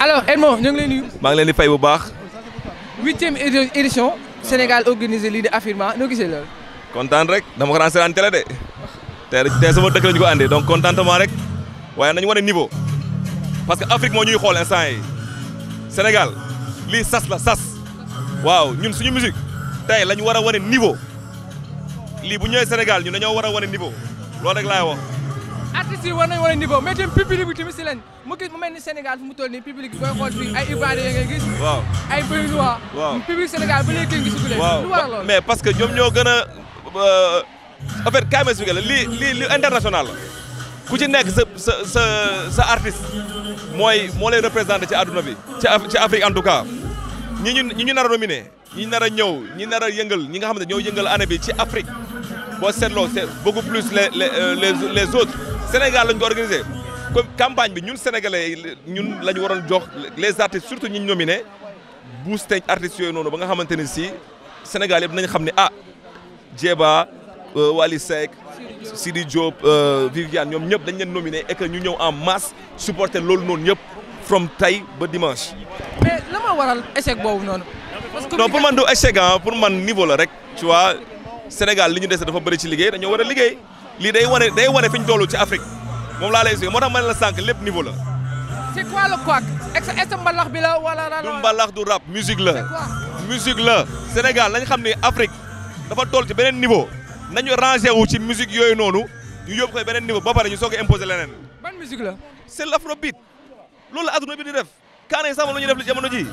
alors Edmond nous ngi lay Je maa ngi leen di fay édition Sénégal organisé l'idée di Affirma noo Nous sommes Je rek dama ko télé de. sommes sama ko niveau parce que l'Afrique, sommes ñuy instant Sénégal c'est sas la sas waaw ñun musique Nous la ñu Nous sommes niveau lii bu Nous Sénégal ñun Nous sommes a niveau loolu rek la artistes yi war nañu wane niveau mais tamit public bi tamit si lañ mu gis mu mel ni Sénégal fu mu toll nii public bi koy xool ay Ivoiriens ngay gis. waaw ay Béninois. waaw public Sénégal ba parce que ñoom ñoo gën a en euh, fait kaay la lii lii li international ku ci nekk sa sa sa sa mooy moo le représenté ci àdduna bi ci Afrique en tout cas ñi ñu ñi ñu nar a nominé ñi nara a ñëw ñi nar a yëngal ñi nga xam ne ñoo yëngal année bi ci Afrique boo seetloo c'est beaucoup plus les les euh, les autres. Sénégal lañ ko organisé comme campagne bi ñun sénégalais yi ñun lañu waral waroon jox les artistes surtout ñi ñu nominé booster artistes yooyu noonu ba nga xamante ne si Sénégal yëpp nañu xam ne ah Jeeba euh, Wally Seck Sidi Diop euh, Viviane ñoom ñëpp dañ leen nominé et ñu ñëw en masse supporter loolu noonu ñëpp from tey ba dimanche. mais la ma waral échec boobu noonu. parce que non man du échec ah pour man niveau la rek ci waa Sénégal li ñu dese dafa bëri ci liggéey dañoo war a liggéey. li day day ci Afrique l'a lay niveau c'est quoi le Quack est-ce mbalax bi la wala. du mbalax du rap musique là. musique là. Sénégal Afrique dafa toll ci niveau nañu musique yoy ñu niveau ba ñu imposer musique c'est l'afrobeat C'est aduna bi di def sama lu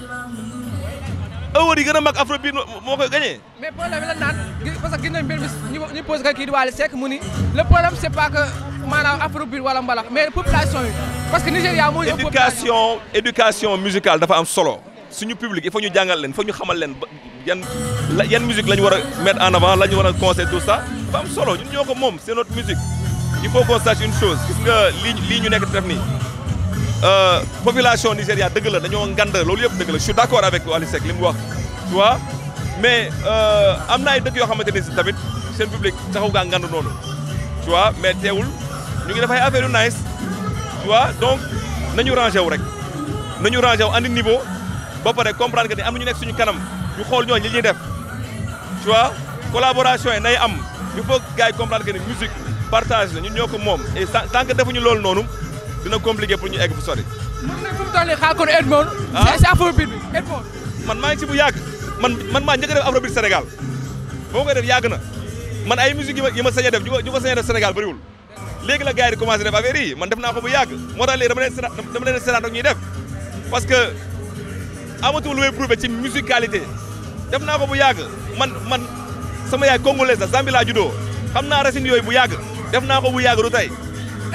awar yi gën mag afrobeat moo koy gagné. mais problème la nan parce que gis mbir benn bis ñu ñu posé kii di walé Seck mu le problème c'est pas que maanaam afrobeat wala mbalax mais population parce que Nigeria mo ñu ëpp éducation éducation musicale dafa am solo suñu public il faut ñu jàngal leen faut ñu xamal leen ba yan yan musique la wara mettre en avant la wara war tout ça dafa am solo ñun ñoko mom c'est notre musique il faut qu'on sache une chose gis nga lii li ñu nek def ni Euh, population Nigéria dëgg la dañoo ngand loolu yëpp dëgg la je suis d'accord avec Wally Seck li mu wax tu vois mais euh, am na ay dëkk yoo xamante ne si tamit seen public taxaw ngaa ngand noonu tu vois mais teewul ñu ngi def ay affaire yu nice tu vois donc nañu rangé wu rek nañu rangé wu andi niveau ba pare comprendre que ni am na ñu nekk suñu kanam ñu xool ñooñu ñi ñuy def tu vois collaboration yi nay am il faut gars yi comprendre ni musique partage la ñun ñoo ko moom et tant que defuñu loolu noonu. dina compliqué pour ñu egg fu sori. moom nag fu mu kon Edmond. ah si afrobeat bi Edmond. man maa ngi ci bu yàgg man man maa njëkk a def afrobeat Sénégal boo koy def yàgg na man ay musique yi ma yi ma def ñu ma ñu ma sañ a def Sénégal bëriwul. léegi la gars di commencé def affaire yi man def naa ko bu yàgg moo tax léegi dama leen sédan dama leen sédan ak ñuy que amatul lu may prouvé ci musicalité def naa ko bu yàgg man man sama yaay congolaise la Zambie laa juddoo xam naa racines yooyu bu yàgg def naa ko bu yàgg du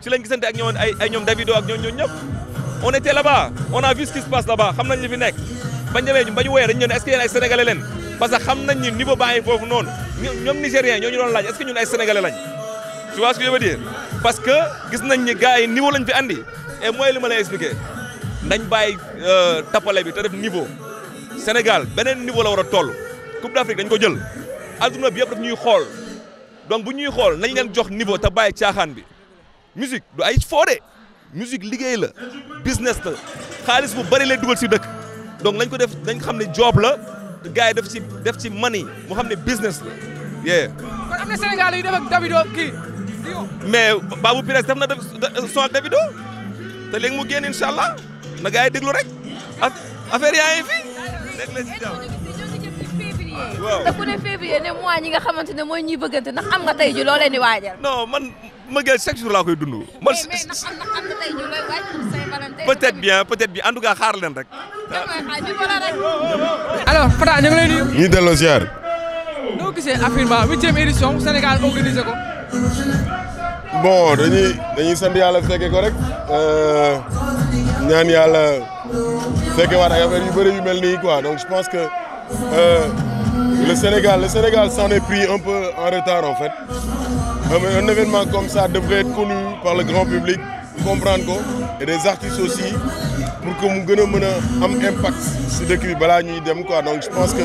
ci lañu gisante ak ñoon ay ñom Davido ak ñoon ñoon ñep on était là-bas on a vu ce qui se passe là-bas xam nañ li fi nek bañ demee bañu woyee dañ ñëw ne est-ce que ay sénégalais lén parce que xam nañ ni niveau baay fofu non ñom nigérien ñoo ñu doon laaj est-ce que ñun ay sénégalais lañ tu vois ce que je veux dire parce que gis nañ ni gaay niveau lañ fi andi et moy li ma lay expliquer dañ baay euh, tapalé bi té def niveau Sénégal benen niveau la wara a toll Coupe d'Afrique dañ ko jël aduna bi yëpp daf ñuy xol donc bu ñuy xol nañ leen jox niveau ta baay caaxaan bi musique du ay foode musique liggéey la business la xaalis bu bari lay dugal si dëkk donc nañ ko def nañ xam ne job la te yi def si def ci money mu xam ne business la yee. kon am na Sénégal yu def ak Davido mais Babou Pires def na def son ak Davido te léegi mu génn incha allah na gars yi déglu rek affaire yaa ngi fi. nekk si jàmm. ne février ne mois nga xamante ne mooy ñuy bëggante ndax nga tey ji loo leen di ma gueule chaque jour là koy dundou man mais mais na tey ñu lay peut-être bien peut-être bien en tout cas xaar len rek. alors Fata ñu ngi lay nuyu. ñu delo delloo ziar. noo gisee 8e édition Sénégal organisé ko. bon dañuy dañuy sant yalla fekke ko rek euh ñaan yalla fekke waat ay affaire yu bëri yu melni quoi donc je pense que euh, le Sénégal le Sénégal s'en est pris un peu en retard en fait. Ah, un événement comme ça devrait être connu par le grand public, comprendre quoi, et des artistes aussi pour que nous puissions avoir un impact sur dëkk qui balaa ñuy dem quoi donc je pense que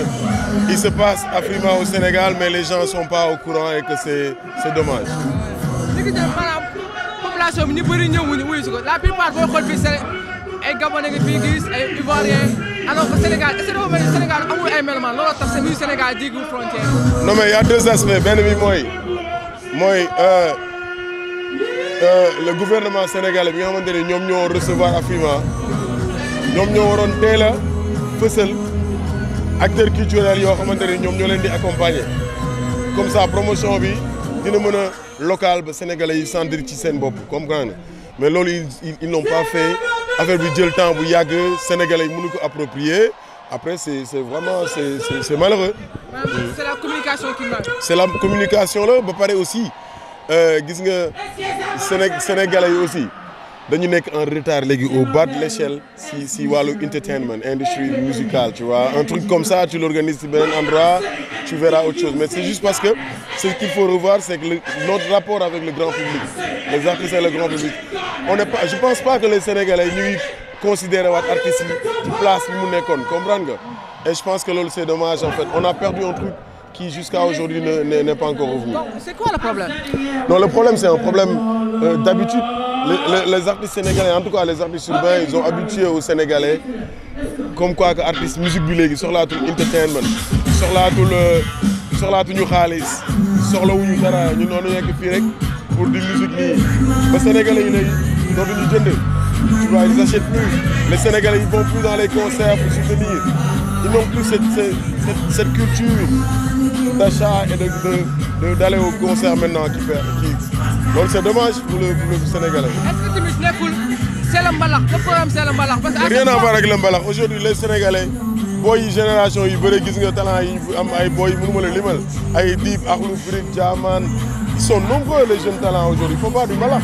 il se passe Fima au Sénégal mais les gens sont pas au courant et que c'est c'est dommage. population la plupart boo xool fii Séné Gabonais nga fii Ivoiriens alors au Sénégal est-ce que dafa mel ni Sénégal amul ay mélomane looloo tax Sénégal nuyu Sénégal jéggiwul frontière. non mais il y a deux aspects Ben, oui, moi mooy euh, euh, le gouvernement sénégalais bi nga xamanteni ñom ñoo recevoir AFRIMA ñom ñoo waron téla feussel acteur acteurs culturels xamanteni ñom ñoo leen di accompagner comme ça promotion bi dina mëna local ba sénégalais yi sentir ci seen comme comprendre mais lolu ils n'ont pas fait affaire bi jël temps bu yag sénégalais mënu ko approprier après, c'est vraiment c'est malheureux. C'est la communication qui manque. C'est la communication là, Bah parler aussi euh, gis nga Sénégalais aussi dañu est en retard au bas de l'échelle si si a entertainment l'industrie musicale tu vois un truc comme ça tu l'organises dans ben endroit tu verras autre chose mais c'est juste parce que ce qu'il faut revoir c'est que notre rapport avec le grand public les artistes et le grand public on ne pas je pense pas que les Sénégalais nuisent considérer votre artiste du place bi mu comprendre et je pense que c'est dommage en fait on a perdu un truc qui jusqu'à aujourd'hui n'est pas encore revenu. C'est quoi le problème Non, le problème c'est un problème euh, d'habitude. Les, artistes sénégalais, en tout cas les artistes urbains, ils ont habitué aux Sénégalais comme quoi que artistes musique sur là tout entertainment soxlaatul euh, soxlaatuñu xaalis soxlawuñu dara ñu noonu yekk fii rek pour la musique ni. Les sénégalais yi léegi rien de tu vois, ils n'achètent plus. Les Sénégalais, ils vont plus dans les concerts pour soutenir. Ils n'ont plus cette, culture d'achat et d'aller au concert maintenant qui, qui... Donc c'est dommage pour le, Sénégalais. Est-ce que tu m'écoutes c'est le le problème c'est le rien à voir avec le aujourd'hui les Sénégalais les générations, ils veulent qu'ils ont nga talent yi am ay booy yi le limal ay Deep, Brick ils sont nombreux les jeunes talents aujourd'hui il faut pas du mbalax.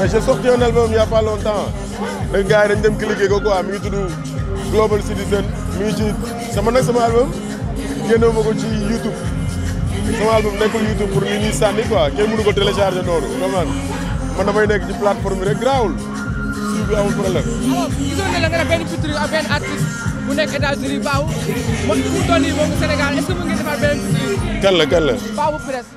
mais j'ai sorti un album il y a pas longtemps nag gars yi dañ dem cliquer ko quoi mi ngi tudd Global Citizen mi ngi ci sama nag sama album génnewu ma ko ci YouTube sama album nekkul YouTube pour nit ñi sànni quoi kenn mënu ko télécharger noonu vraiment man damay nekk ci plateforme yi rek grawul suuf bi amul problème. alors gisoon na la nga def benn featuring ak benn artiste bu nekk États-Unis Baaw moom fu mu toll nii moom Sénégal est-ce que mën ngeen defar benn featuring.